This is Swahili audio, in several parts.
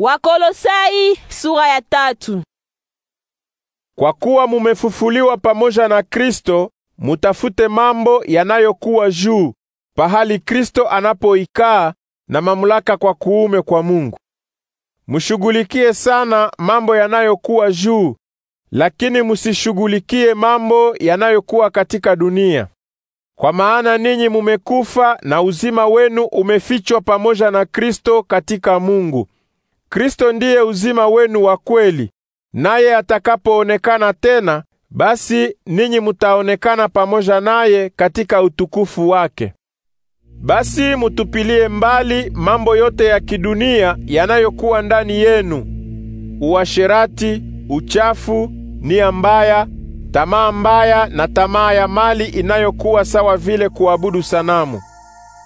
Wakolosai sura ya tatu. Kwa kuwa mumefufuliwa pamoja na Kristo, mutafute mambo yanayokuwa juu, pahali Kristo anapoikaa na mamlaka kwa kuume kwa Mungu. Mushughulikie sana mambo yanayokuwa juu, lakini musishughulikie mambo yanayokuwa katika dunia. Kwa maana ninyi mumekufa na uzima wenu umefichwa pamoja na Kristo katika Mungu. Kristo ndiye uzima wenu wa kweli, naye atakapoonekana tena, basi ninyi mutaonekana pamoja naye katika utukufu wake. Basi mutupilie mbali mambo yote ya kidunia yanayokuwa ndani yenu: uasherati, uchafu, nia mbaya, tamaa mbaya na tamaa ya mali inayokuwa sawa vile kuabudu sanamu.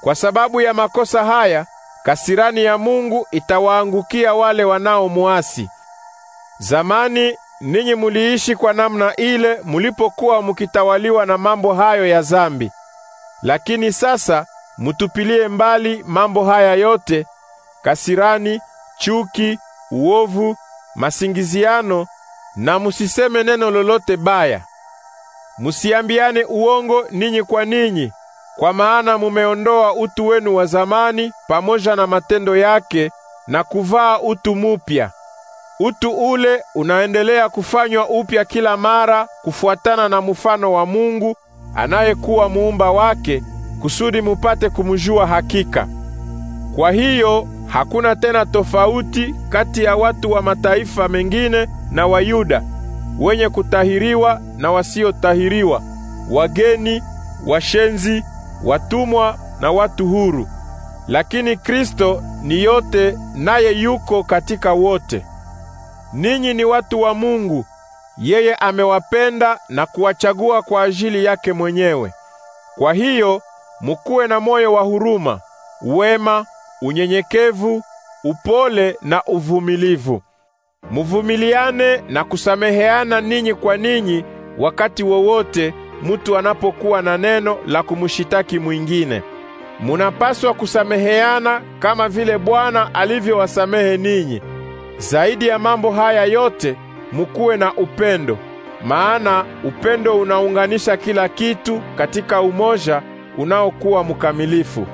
Kwa sababu ya makosa haya Kasirani ya Mungu itawaangukia wale wanaomuasi. Zamani ninyi muliishi kwa namna ile mulipokuwa mukitawaliwa na mambo hayo ya zambi. Lakini sasa mutupilie mbali mambo haya yote: kasirani, chuki, uovu, masingiziano na musiseme neno lolote baya. Musiambiane uongo ninyi kwa ninyi kwa maana mumeondoa utu wenu wa zamani pamoja na matendo yake na kuvaa utu mupya. Utu ule unaendelea kufanywa upya kila mara kufuatana na mfano wa Mungu anayekuwa muumba wake, kusudi mupate kumjua hakika. Kwa hiyo hakuna tena tofauti kati ya watu wa mataifa mengine na Wayuda, wenye kutahiriwa na wasiotahiriwa, wageni, washenzi watumwa na watu huru. Lakini Kristo ni yote naye yuko katika wote. Ninyi ni watu wa Mungu. Yeye amewapenda na kuwachagua kwa ajili yake mwenyewe. Kwa hiyo mukuwe na moyo wa huruma, wema, unyenyekevu, upole na uvumilivu. Muvumiliane na kusameheana ninyi kwa ninyi wakati wowote mtu anapokuwa na neno la kumshitaki mwingine. Munapaswa kusameheana kama vile Bwana alivyowasamehe ninyi. Zaidi ya mambo haya yote, mukuwe na upendo, maana upendo unaunganisha kila kitu katika umoja unaokuwa mkamilifu.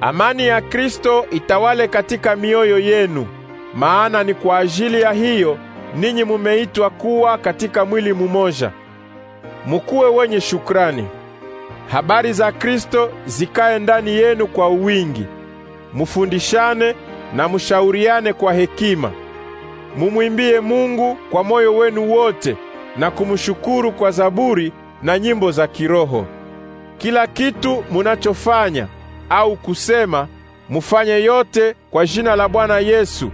Amani ya Kristo itawale katika mioyo yenu, maana ni kwa ajili ya hiyo ninyi mumeitwa kuwa katika mwili mumoja mukuwe wenye shukrani. Habari za Kristo zikae ndani yenu kwa wingi. Mufundishane na mushauriane kwa hekima. Mumwimbie Mungu kwa moyo wenu wote na kumshukuru kwa zaburi na nyimbo za kiroho. Kila kitu munachofanya au kusema, mufanye yote kwa jina la Bwana Yesu,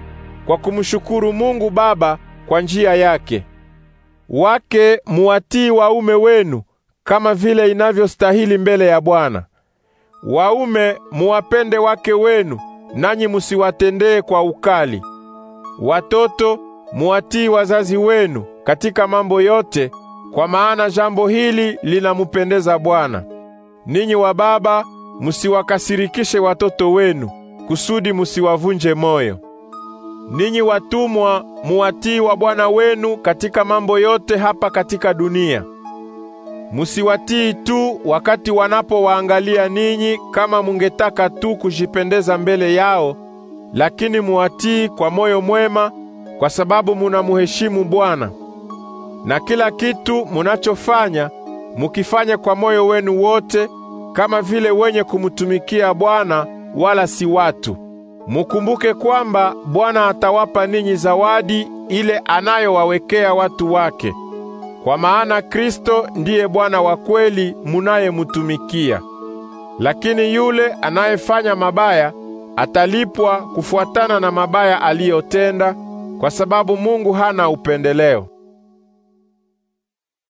kwa kumshukuru Mungu Baba kwa njia yake wake muwatii waume wenu kama vile inavyostahili mbele ya Bwana. Waume muwapende wake wenu, nanyi musiwatendee kwa ukali. Watoto muwatii wazazi wenu katika mambo yote, kwa maana jambo hili linamupendeza Bwana. Ninyi wababa, musiwakasirikishe watoto wenu kusudi musiwavunje moyo. Ninyi watumwa, muwatii wa bwana wenu katika mambo yote hapa katika dunia. Musiwatii tu wakati wanapowaangalia ninyi, kama mungetaka tu kujipendeza mbele yao, lakini muwatii kwa moyo mwema, kwa sababu munamuheshimu Bwana. Na kila kitu munachofanya mukifanye kwa moyo wenu wote, kama vile wenye kumtumikia Bwana, wala si watu Mukumbuke kwamba Bwana atawapa ninyi zawadi ile anayowawekea watu wake. Kwa maana Kristo ndiye Bwana wa kweli munayemutumikia. Lakini yule anayefanya mabaya atalipwa kufuatana na mabaya aliyotenda, kwa sababu Mungu hana upendeleo.